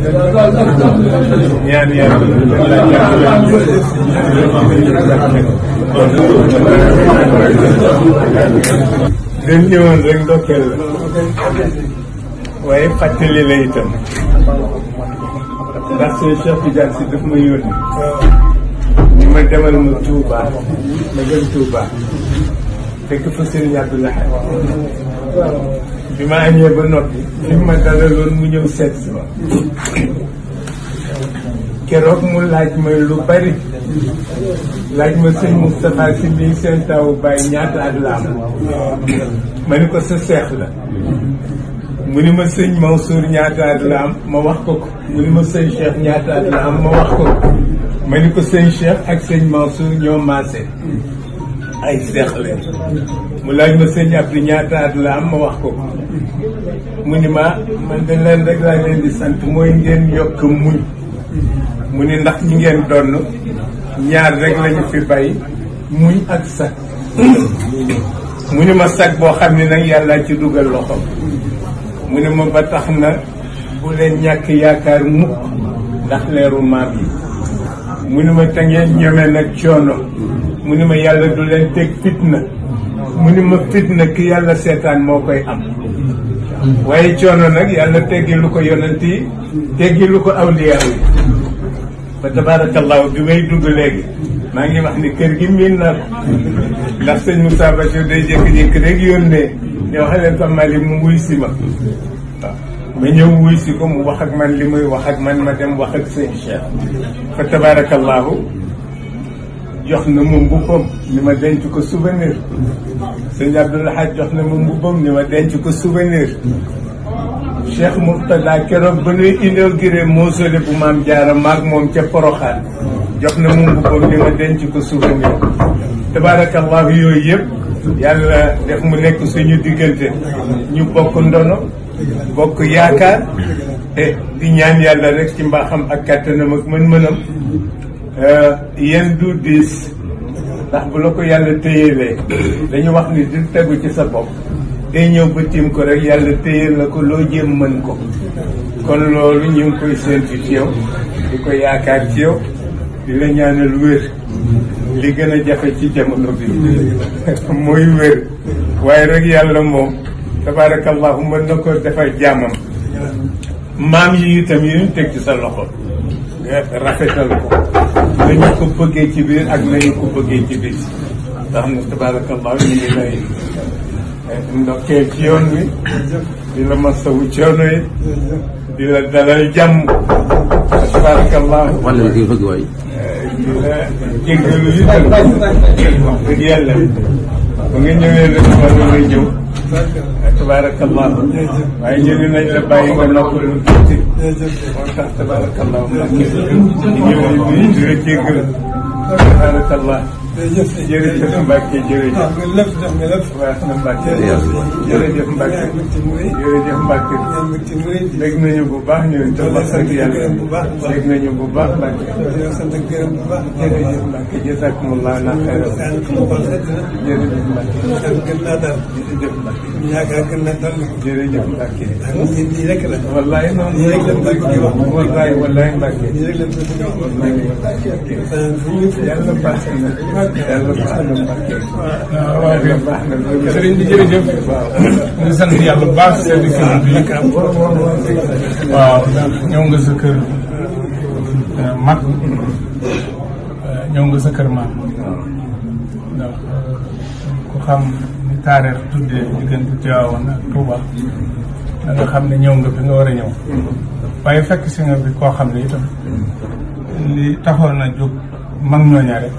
ñaan yàlla dañ ñëwoon rek ndokkeel la waaye fàttali la itam ndax seen Cheikh Tidiane si daf ma yónni ni ma demal ma Touba ma dem Touba fekk fa seen yàgg la bi ma añee ba noppi fi ma dalaloon mu ñëw seet si ma keroog mu laaj ma lu bari laaj ma sëñ Moustapha si mii seen taw bàyyi ñaata ak laam ma ni ko sa la mu ni ma sëñ Mansour ñaata at la am ma wax ko ko mu ni ma sëñ Cheikh ñaata at la am ma wax ko ko ma ni ko sëñ Cheikh ak sëñ Mansour ñoo maase ay seexle mu laaj ma sëñ Abdou ñaata at la am ma wax ko mu ni ma man de leen rek laa leen di sant mooy ngeen yokk muñ mu ni ndax ñi ngeen donn ñaar rek lañu fi bay muñ ak sag mu ni ma sag boo xam ne nag yàlla ci dugal loxo mu ni ma ba tax na bu leen ñàkk yaakaar mukk ndax leeru maam yi mu ni ma te ngeen nag coono mu ni ma yàlla du leen teg fitna mu ni ma fitna ki yàlla seetaan moo koy am waaye coono nag yàlla teggi lu ko yonent yi teggi lu ko awliyaaw yi ba tabaarakallaahu bi may dugg léegi maa ngi wax ni kër gi miin naa ko ndax sëñ Moussa Bachir day jékki-jékki rek yónnee ne wax leen sama Malick mu wuy si ma ma ñëw wuy si ko mu wax ak man li muy wax ak man ma dem wax ak sëñ Cheikh fa tabaarakallaahu jox na mu mbubbam ni ma denc ko souvenir sëñ Abdoul Ahad jox na ma mbubbam ni ma denc ko souvenir Cheikh Mourtada keroog ba nuy inauguré mausolée bu maam jaara maag moom ca Poroxaan jox na ma mbubbam ni ma denc ko souvenir tabaarakallahu yooyu yëpp yàlla def mu nekk suñu diggante ñu bokk ndono bokk yaakaar te di ñaan yàlla rek ci mbaaxam ak kàttanam ak mën-mënam Euh, yenn du diis ndax bu la ko yàlla téyelee dañu wax ni di tegu ci sa bopp day ñëw ba tiim ko rek yàlla téye la ko loo jéem mën ko kon loolu ñu ngi koy séntu ci yow di ko yaakaar ci yow di la ñaanal wér li gën a jafe ci jamono bi mooy wér waaye rek yàlla moom tabaarakallahu mën na ko defar jàmmam maam yi itam yi ñu teg ci sa loxo rafetal ko nañu ko bëggee ci biir ak nañu ko bëggee ci biir ndax na tabaarakallah ñu ngi lay eh, ndokkeel ci yoon wi di la masawu coono yi di la dalal jàmm tabaarakallah wala li nga bëgg waay eh, di la jéggalu yi tam wax dëgg yàlla ba nga ñëwee rek ma nga ñëw tabarakallah waaye jëli nañ la bàyyi nga noppalu tuuti moo tax tabarakallah mu nekk di ñëw di la jéggal tabarakallah jërëjëf jërëjëf Mbacke jërëjëf. ah nga lépp jox nga lépp. waaw na Mbacke jërëjëf Mbacke. jërëjëf Mbacke. dégg nañu bu baax ñu te wax sant yàlla dégg nañu bu baax Mbacke. jërëjëf Mbacke jazakumullah na xayra. jërëjëf Mbacke. jërëjëf Mbacke. yaakaar gën naa dal. jërëjëf Mbacke. nii rek la. wallaay noonu. nii rek la Mbacke wax. wallaay wallaay Mbacke. nii rek la Mbacke wax. yàlla baax na. yàlla baax na Mbacke. waaw waaw kay sëriñ bi jërëjëf. waaw ñu sant i kër bi waaw ñëw nga sa kër mag ku xam ni taarix tuddee diggante Tiwaawan ak xam ne ñëw nga fi nga war a ñëw waaye fekk si bi koo xam ne itam li taxoon na jóg mag ñooña rek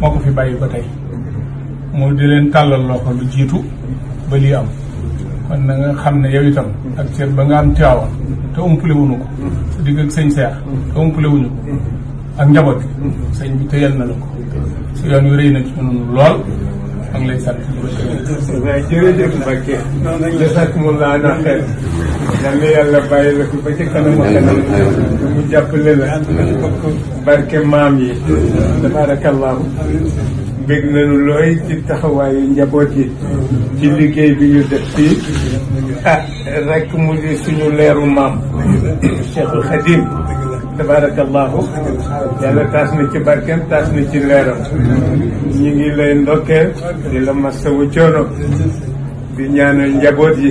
moo ko fi bàyyi ba tey mu di leen tàllal loxo lu jiitu ba lii am kon na nga xam ne yow itam ak cër ba nga am tiwaawa te umpale wuñu ko su digg ak sëñ seex te umpale wuñu ko ak njaboot sëñ bi tëyal na la ko su yoon yu rëy na ci noonu lool maa ngi lay sant. jërëjëf Mbacke. jërëjëf Mbacke. yal na yàlla bàyyi la ko ba ci kanam ak kanam lu mu jàppale la barke maam yi tabaarakallaahu bég nañu looy ci taxawaayu njaboot yi ci liggéey bi ñu def fii ah rek mu di suñu leeru maam Cheikhul Khadim tabarakallahu yàlla taas na ci barkeem taas na ci leeram ñi ngi lay ndokkeel di la masawu coono di ñaanal njaboot yi